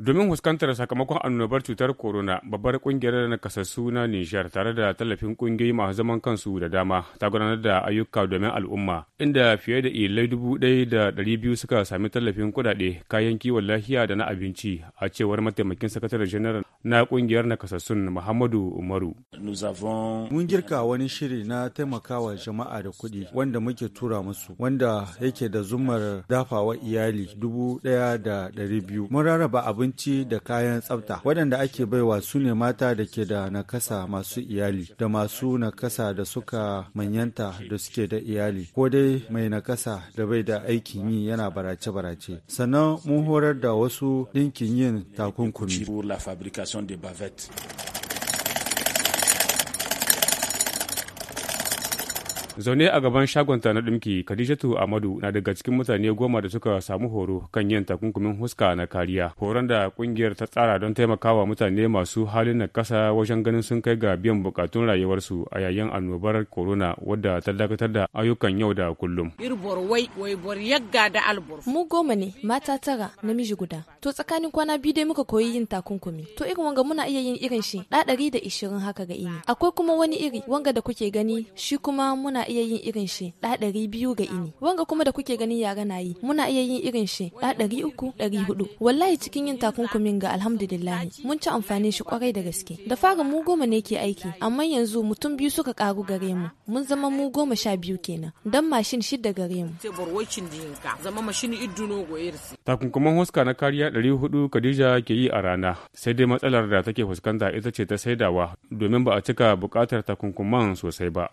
Domin huskantar sakamakon annobar cutar corona, babbar kungiyar nakasassu na Nijar tare da tallafin kungiyoyi masu zaman kansu da dama ta gudanar da ayyuka domin al'umma, inda fiye da ilai dubu ɗaya da ɗari biyu suka sami tallafin kuɗaɗe, kayan kiwon lafiya da na abinci, a cewar mataimakin sakatare janar na kungiyar nakasassun Muhammadu Umaru. Mun girka wani shiri na taimakawa jama'a da kuɗi wanda muke tura musu wanda yake da zumar dafawa iyali dubu ɗaya da ɗari biyu. Mun rarraba abinci da kayan tsafta waɗanda ake baiwa su ne mata da ke da nakasa masu iyali da masu nakasa da suka manyanta da suke da iyali ko dai mai nakasa da bai da aikin yi yana barace-barace. Sannan mun horar da wasu ɗinkin yin takunkumi. l'utilisation des bavettes. zaune a gaban shagonta na dumki khadijatu amadu na daga cikin mutane goma da suka samu horo kan yin takunkumin huska na kariya horon da kungiyar ta tsara don taimakawa mutane masu halin na kasa wajen ganin sun kai ga biyan bukatun rayuwarsu a yayin annobar corona wadda ta dakatar da ayyukan yau da kullum mu goma ne mata tara namiji guda to tsakanin kwana biyu dai muka koyi yin takunkumi to irin wanga muna iya yin irin shi da ɗari da ishirin haka ga ini akwai kuma wani iri wanga da kuke gani shi kuma muna iya yin irin shi da ɗari biyu ga ini wanga kuma da kuke gani yara na yi muna iya yin irin shi da ɗari uku ɗari hudu wallahi cikin yin takunkumin ga alhamdulillahi mun ci amfanin shi kwarai da gaske da fara mu goma ne ke aiki amma yanzu mutum biyu suka karu gare mu mun zama mu goma sha biyu kenan dan mashin shidda gare mu takunkuman huska na kariya hudu Khadija ke yi a rana, sai dai matsalar da take fuskanta ita ce ta saidawa domin ba a cika bukatar takunkuman sosai ba.